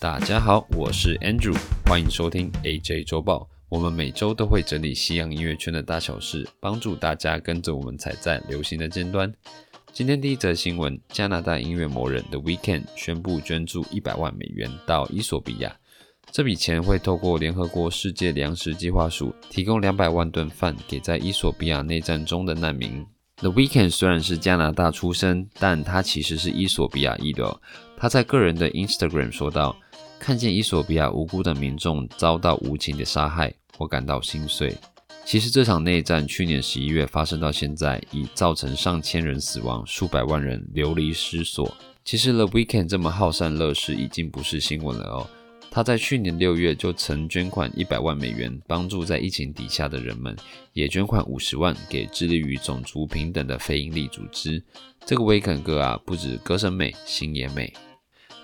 大家好，我是 Andrew，歡迎收聽 AJ 周報。我們每周都會整理西洋音樂圈的大小事，幫助大家跟着我們踩在流行的尖端。今天第一則新聞：加拿大音樂魔人 The Weeknd 宣布捐助一百萬美元到伊索比亞，這筆錢會透過聯合國世界糧食計劃署，提供兩百萬頓飯給在伊索比亞內戰中的難民。The Weeknd 雖然是加拿大出生，但他其實是伊索比亞裔的哦。他在個人的 Instagram 說道。看見伊索比亞無辜的民眾遭到無情的殺害，我感到心碎。其實這場內戰去年十一月發生到現在，已造成上千人死亡，數百萬人流離失所。其實 The Weeknd 這麼好善樂施已經不是新聞了哦。他在去年六月就曾捐款一百萬美元幫助在疫情底下的人們，也捐款五十萬給致力於種族平等的非營利組織。這個 Weeknd 哥啊，不止歌聲美，心也美。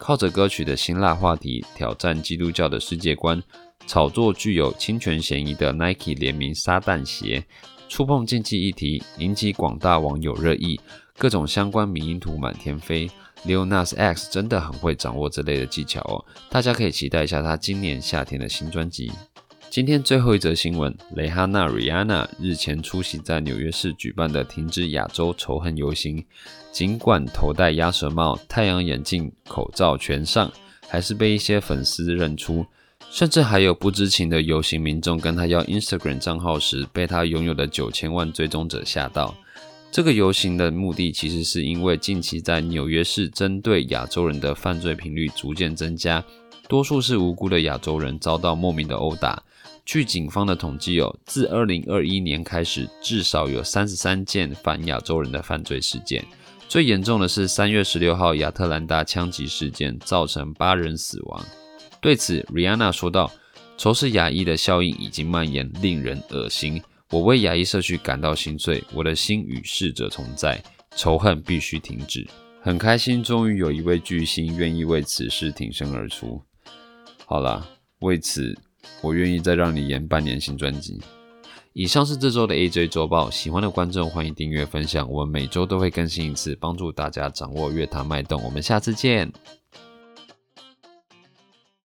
靠着歌曲的辛辣話題挑戰基督教的世界觀，炒作具有侵權嫌疑的 Nike 聯名撒旦鞋，觸碰禁忌議題，引起廣大網友熱議，各種相關迷因圖滿天飛。Lil Nas X 真的很會掌握這類的技巧哦，大家可以期待一下他今年夏天的新專輯。今天最後一則新聞，蕾哈娜 Rihanna 日前出席在紐約市舉辦的“停止亞洲仇恨”遊行，儘管頭戴鴨舌帽、太陽眼鏡、口罩全上，還是被一些粉絲認出，甚至還有不知情的遊行民眾跟他要 Instagram 賬號時，被他擁有的九千萬追蹤者嚇到。這個遊行的目的其實是因為近期在紐約市針對亞洲人的犯罪頻率逐漸增加。多數是無辜的亞洲人遭到莫名的毆打。據警方的統計，哦，自二零二一年開始，至少有三十三件反亞洲人的犯罪事件。最嚴重的是三月十六號亞特蘭大槍擊事件，造成八人死亡。對此，Rihanna 說道：“仇視亞裔的效應已經蔓延，令人惡心。我為亞裔社區感到心碎，我的心與逝者同在。仇恨必須停止。很開心，終於有一位巨星願意為此事挺身而出。”好啦，為此我願意再讓你延半年新專輯。以上是這周的 AJ 周報，喜歡的觀眾歡迎訂閱分享，我們每周都會更新一次，幫助大家掌握樂壇脈動。我們下次見。